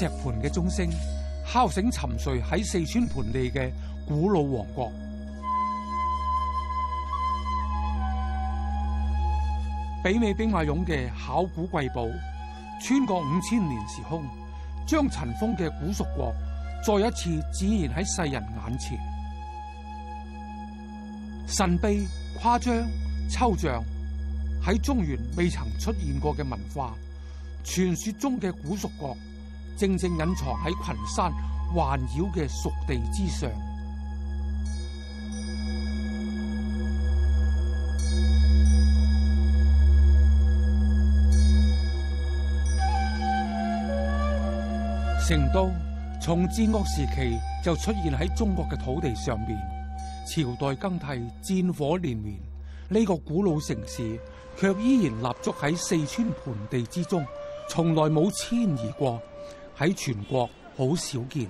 石盤嘅鐘聲敲醒沉睡喺四川盆地嘅古老王國，媲美兵馬俑嘅考古瑰寶，穿過五千年時空，將塵封嘅古蜀國再一次展現喺世人眼前。神秘、誇張、抽象，喺中原未曾出現過嘅文化，傳說中嘅古蜀國。正正隱藏喺群山環繞嘅蜀地之上。成都從戰國時期就出現喺中國嘅土地上面，朝代更替，戰火連綿，呢個古老城市卻依然立足喺四川盆地之中，從來冇遷移過。喺全國好少見。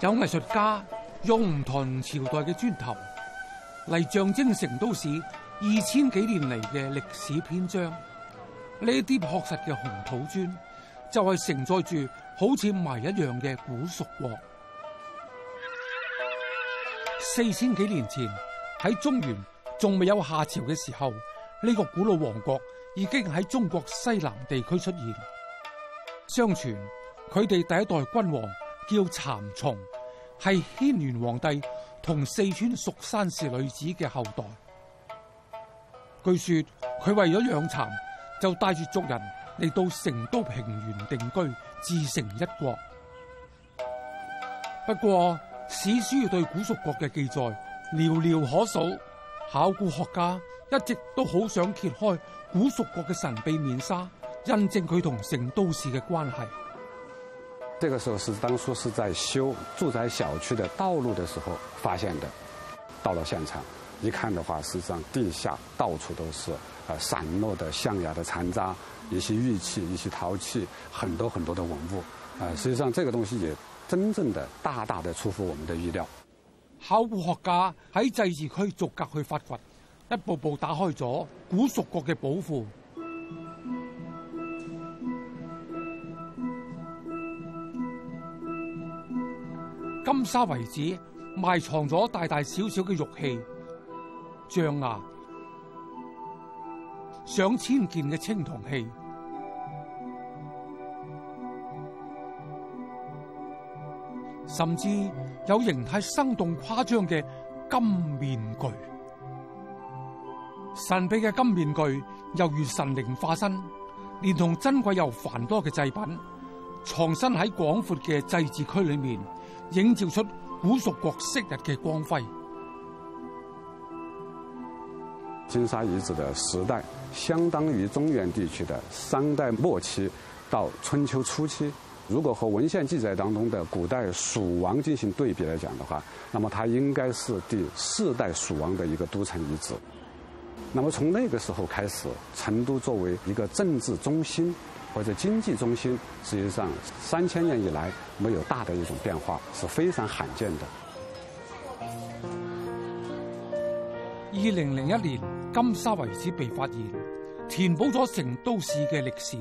有藝術家用唔同朝代嘅磚頭嚟象徵成都市二千幾年嚟嘅歷史篇章。呢啲樸實嘅紅土磚就係承載住好似謎一樣嘅古蜀國。四千幾年前喺中原仲未有夏朝嘅時候。呢個古老王國已經喺中國西南地區出現。相傳佢哋第一代君王叫蠶叢，係軒轅皇帝同四川蜀山氏女子嘅後代。據說佢為咗養蠶，就帶住族人嚟到成都平原定居，自成一國。不過史書對古蜀國嘅記載寥寥可數，考古學家，一直都好想揭開古蜀國嘅神秘面紗，印證佢同成都市嘅關係。這個時候是當初是在修住宅小區的道路的時候發現的。到了現場，一看的話，實際上地下到處都是啊散落的象牙的殘渣，一些玉器、一些陶器，很多很多的文物。啊，實際上這個東西也真正的大大的出乎我們的意料。考古學家喺祭祀區逐格去發掘。一步步打開咗古蜀國嘅寶庫，金沙遺址埋藏咗大大小小嘅玉器、象牙、上千件嘅青銅器，甚至有形態生動誇張嘅金面具。神秘嘅金面具，猶如神靈化身，連同珍貴又繁多嘅祭品，藏身喺廣闊嘅祭祀區裏面，映照出古蜀國昔日嘅光輝。金沙遺址的時代相當於中原地區的商代末期到春秋初期。如果和文獻記載當中的古代蜀王進行對比來講的話，那麼它應該是第四代蜀王的一個都城遺址。那麼從那個時候開始，成都作為一個政治中心或者經濟中心，實際上三千年以來沒有大的一種變化是非常罕見的。二零零一年金沙遺址被發現，填補咗成都市嘅歷史，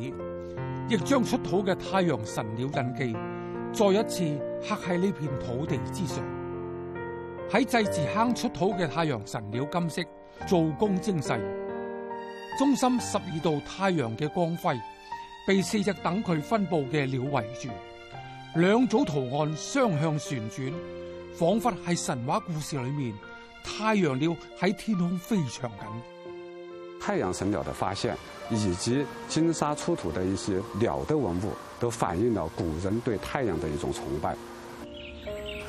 亦將出土嘅太陽神鳥印記，再一次刻喺呢片土地之上。喺祭祀坑出土嘅太陽神鳥金飾。做工精細，中心十二道太陽嘅光輝被四隻等距分佈嘅鳥圍住，兩組圖案雙向旋轉，仿佛係神話故事裏面太陽鳥喺天空飛翔緊。太陽神鳥的發現，以及金沙出土的一些鳥的文物，都反映了古人對太陽的一種崇拜。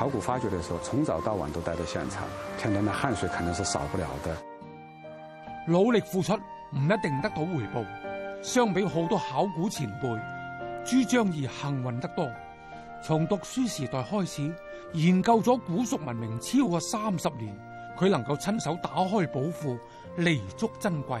考古發掘的時候，從早到晚都帶到現場，天天的汗水肯定是少不了的。努力付出唔一定得到回報，相比好多考古前輩，朱章義幸運得多。從讀書時代開始，研究咗古蜀文明超過三十年，佢能夠親手打開寶庫，彌足珍貴。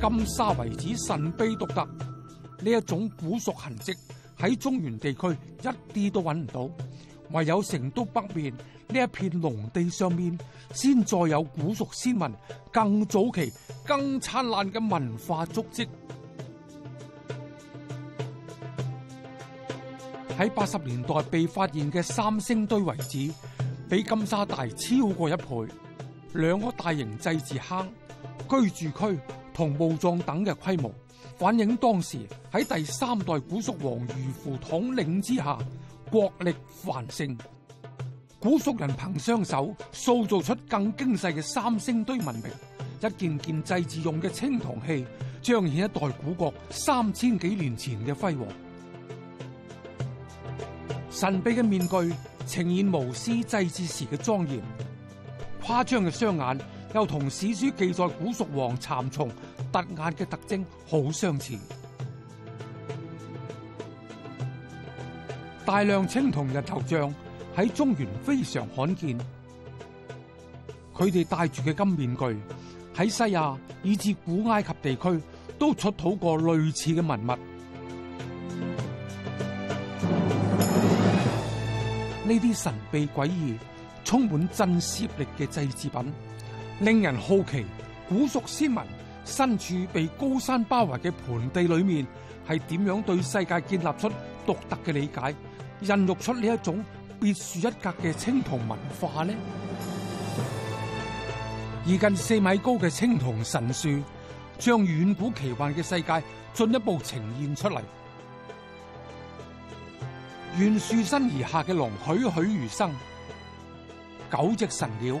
金沙遺址神秘獨特，呢一種古蜀痕迹喺中原地區一啲都揾唔到，唯有成都北面呢一片農地上面，先再有古蜀先民更早期、更燦爛嘅文化足迹。喺八十年代被發現嘅三星堆遺址，比金沙大超過一倍，兩個大型祭祀坑、居住區。同墓葬等嘅規模，反映當時喺第三代古蜀王魚鳧統領之下，國力繁盛。古蜀人憑雙手塑造出更精細嘅三星堆文明，一件件祭祀用嘅青銅器，彰顯一代古國三千幾年前嘅輝煌。神秘嘅面具呈現巫師祭祀時嘅莊嚴，誇張嘅雙眼又同史書記載古蜀王蠶叢，的突眼嘅特徵好相似，大量青銅人頭像喺中原非常罕見。佢哋戴住嘅金面具喺西亞以至古埃及地區都出土過類似嘅文物。呢啲神秘詭異、充滿震懾力嘅祭祀品，令人好奇古蜀先民。身處被高山包圍嘅盆地裏面，係點樣對世界建立出獨特嘅理解，孕育出呢一種別樹一格嘅青銅文化呢？而近四米高嘅青銅神樹，將遠古奇幻嘅世界進一步呈現出嚟。緣樹身而下嘅龍栩栩如生，九隻神鳥。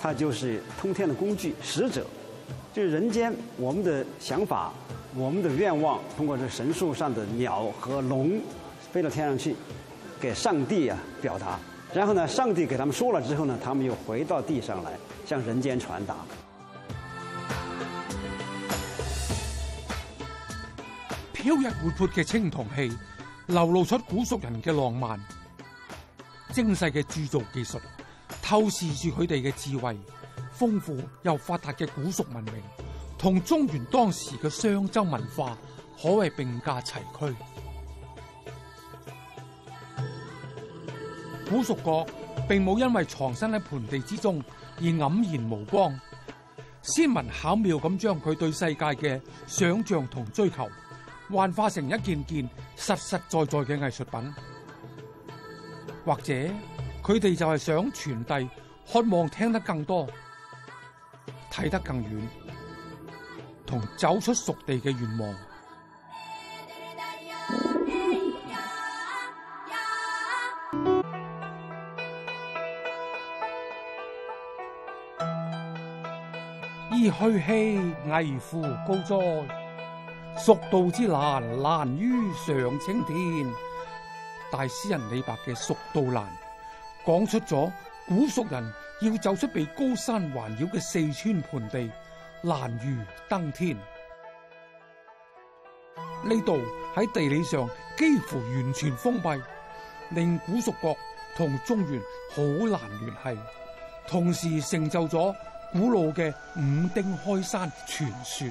它就是通天的工具、使者，就是人間我們的想法，我們的願望，通過這神樹上的鳥和龍飛到天上去，給上帝啊表達。然後呢，上帝給他們說了之後呢，他們又回到地上來，向人間傳達。飄逸活潑嘅青銅器，流露出古蜀人嘅浪漫、精細嘅鑄造技術。透視住佢哋嘅智慧，豐富又發達嘅古蜀文明，同中原當時嘅商周文化，可謂並駕齊驅。古蜀國並冇因為藏身喺盆地之中而黯然無光，先民巧妙咁將佢對世界嘅想象同追求，幻化成一件件實實在在嘅藝術品，或者。佢哋就係想傳遞，渴望聽得更多，睇得更遠，同走出蜀地嘅願望。噫吁嚱，危乎高哉，蜀道之難，難於上青天。大詩人李白嘅《蜀道難》。講出咗古蜀人要走出被高山環繞嘅四川盆地難如登天。呢度喺地理上幾乎完全封閉，令古蜀國同中原好難聯繫，同時成就咗古老嘅五丁開山傳說。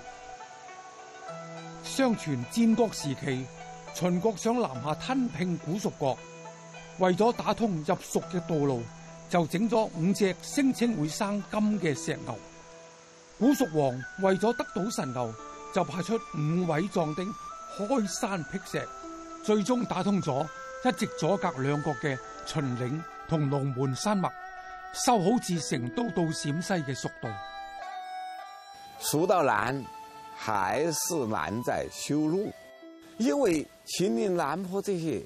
相傳戰國時期，秦國想南下吞併古蜀國。為咗打通入蜀嘅道路，就整咗五隻聲稱會生金嘅石牛。古蜀王為咗得到神牛，就派出五位壯丁開山闢石，最終打通咗一直阻隔兩國嘅秦嶺同龍門山脈，修好至成都到陝西嘅蜀道。蜀道難，還是難在修路，因為秦嶺南坡這些。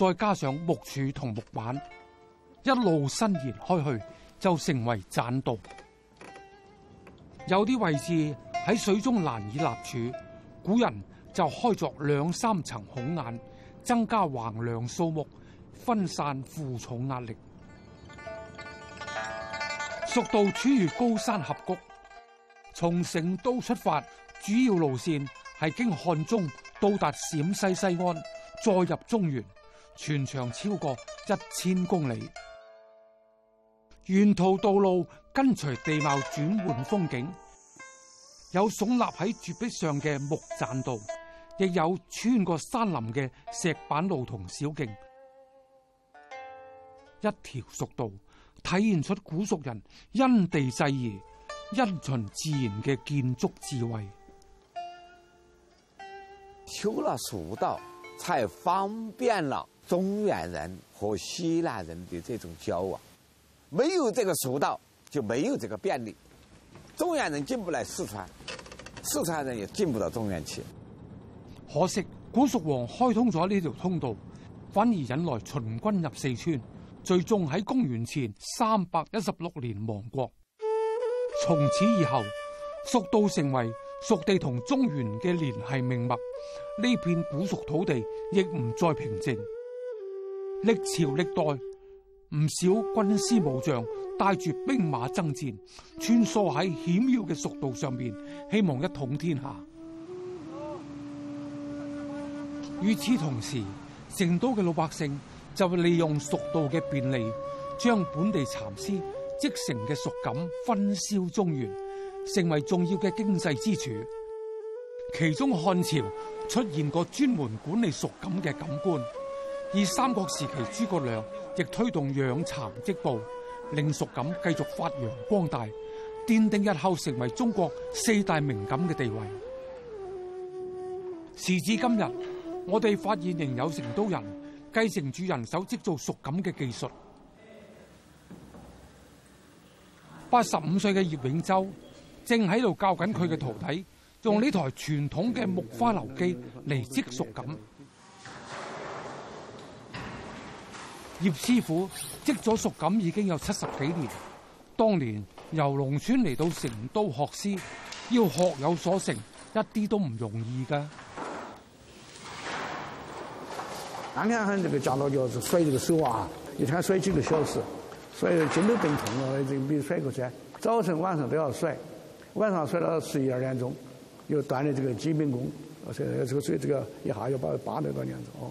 再加上木柱同木板，一路伸延開去，就成為棧道。有啲位置喺水中難以立柱，古人就開鑿兩三層孔眼，增加橫梁數目，分散負重壓力。蜀道處於高山峽谷，從成都出發，主要路綫係經漢中到達陝西西安，再入中原。全長超過一千公里，沿途道路跟隨地貌轉換風景，有聳立喺絕壁上嘅木棧道，亦有穿過山林嘅石板路同小徑，一條蜀道體現出古蜀人因地制宜、因循自然嘅建築智慧。修了蜀道，才方便了。中原人和希臘人的這種交往，沒有這個蜀道就沒有這個便利。中原人進不來四川，四川人也進不到中原去。可惜，古蜀王開通咗呢條通道，反而引來秦軍入四川，最終喺公元前三百一十六年亡國。從此以後，蜀道成為蜀地同中原嘅聯繫命脈。呢片古蜀土地亦唔再平靜。歷朝歷代唔少軍師武將帶住兵馬征戰，穿梭喺險要嘅蜀道上面，希望一統天下。與此同時，成都嘅老百姓就利用蜀道嘅便利，將本地蠶絲織成嘅蜀錦分銷中原，成為重要嘅經濟支柱。其中漢朝出現過專門管理蜀錦嘅錦官。而三國時期諸葛亮亦推動養蠶織布，令蜀錦繼續發揚光大，奠定日後成為中國四大名錦嘅地位。時至今日，我哋發現仍有成都人繼承住人手織做蜀錦嘅技術。八十五歲嘅葉永洲正喺度教緊佢嘅徒弟用呢台傳統嘅木花樓機嚟織蜀錦。葉師傅織咗蜀錦已經有七十幾年，當年由農村嚟到成都學師，要學有所成，一啲都唔容易噶。啱啱呢個站到就是甩這個手啊，一天甩幾個小時，甩到筋都病痛咯，就冇甩過先。早晨、晚上都要甩，晚上甩到十一二點鐘，又鍛煉這個基本功，而且這個甩這個一下要把八百個年子哦。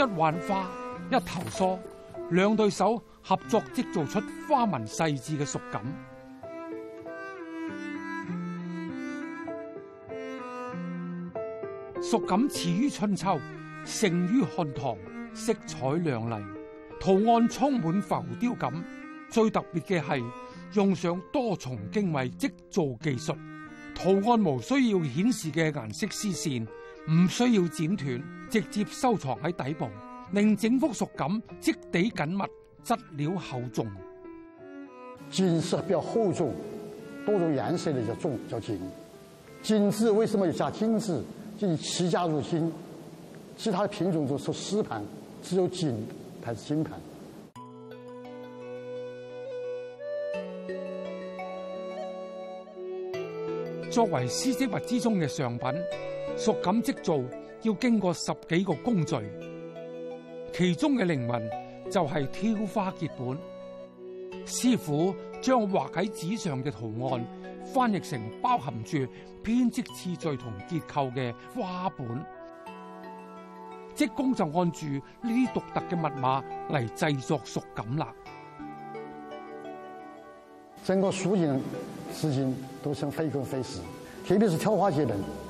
一挽花，一投梭，兩對手合作織造出花紋細緻嘅蜀錦。蜀錦始於春秋，盛於漢唐，色彩亮麗，圖案充滿浮雕感。最特別嘅係用上多重經緯織造技術，圖案無需要顯示嘅顏色絲線，唔需要剪斷，直接收藏喺底部，令整幅熟感質地緊密，質料厚重。金色比較厚重，多種顏色的叫重叫錦。錦字為什麼要加錦字？即係起加入金，其他品種都是絲盤，只有錦才是金盤。作為絲織物之中嘅上品。蜀錦即做，要經過十幾個工序，其中嘅靈魂就係挑花結本。師傅將畫喺紙上嘅圖案翻譯成包含住編織次序同結構嘅花本，織工就按住呢啲獨特嘅密碼嚟製作蜀錦啦。整個蜀錦事情都成費工費時，特別是挑花結本，結花本非非。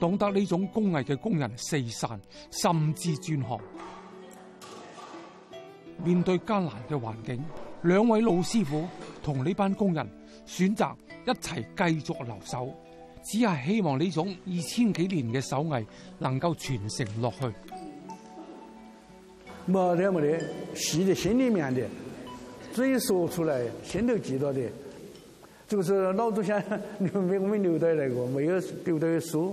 懂得呢種工藝嘅工人四散，甚至轉行。面對艱難嘅環境，兩位老師傅同呢班工人選擇一齊繼續留守，只係希望呢種二千幾年嘅手藝能夠傳承落去。冇嘅冇嘅，係喺心裏面嘅，嘴說出來，心頭記咗嘅。就是老祖先留俾我們留低嚟個，沒有留低書。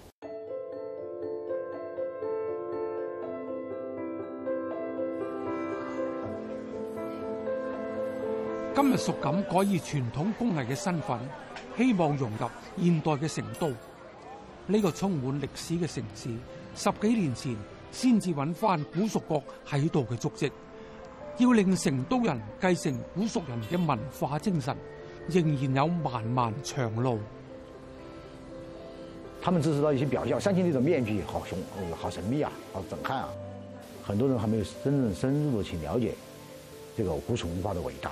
今日蜀錦改以傳統工藝嘅身份，希望融入現代嘅成都呢，這個充滿歷史嘅城市。十幾年前先至搵返古蜀國喺度嘅足跡，要令成都人繼承古蜀人嘅文化精神，仍然有漫漫長路。他們只知道一些表象，相信呢種面具好雄、啊、好神秘啊，好震撼啊！很多人還沒有真正深入去了解這個古蜀文化的偉大。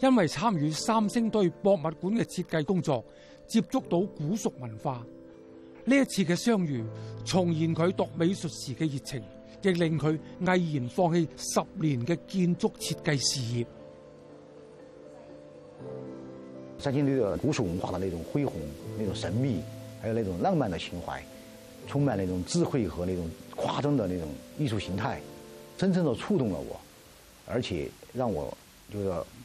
因為參與三星堆博物館嘅設計工作，接觸到古蜀文化，呢一次嘅相遇重現佢讀美術時嘅熱情，亦令佢毅然放棄十年嘅建築設計事業。三星堆嘅古蜀文化的那種恢宏、那種神秘，還有那種浪漫的情懷，充滿那種智慧和那種誇張嘅那種藝術形態，真正地觸動了我，而且讓我就是。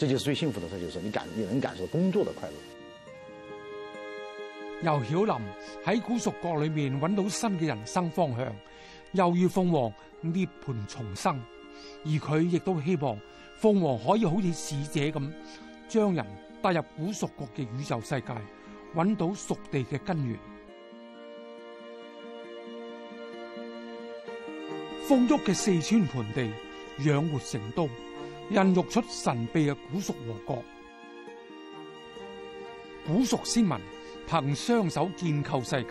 這就是最幸福的事，就是你感你能感受工作的快樂。由曉琳喺古蜀國裏面揾到新嘅人生方向，又遇鳳凰涅槃重生，而佢亦都希望鳳凰可以好似使者咁，將人帶入古蜀國嘅宇宙世界，揾到蜀地嘅根源。豐裕嘅四川盆地養活成都，孕育出神秘嘅古蜀王國，古蜀先民憑雙手建構世界，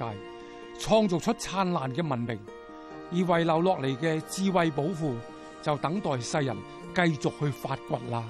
創造出燦爛嘅文明，而遺留落嚟嘅智慧寶庫就等待世人繼續去發掘啦。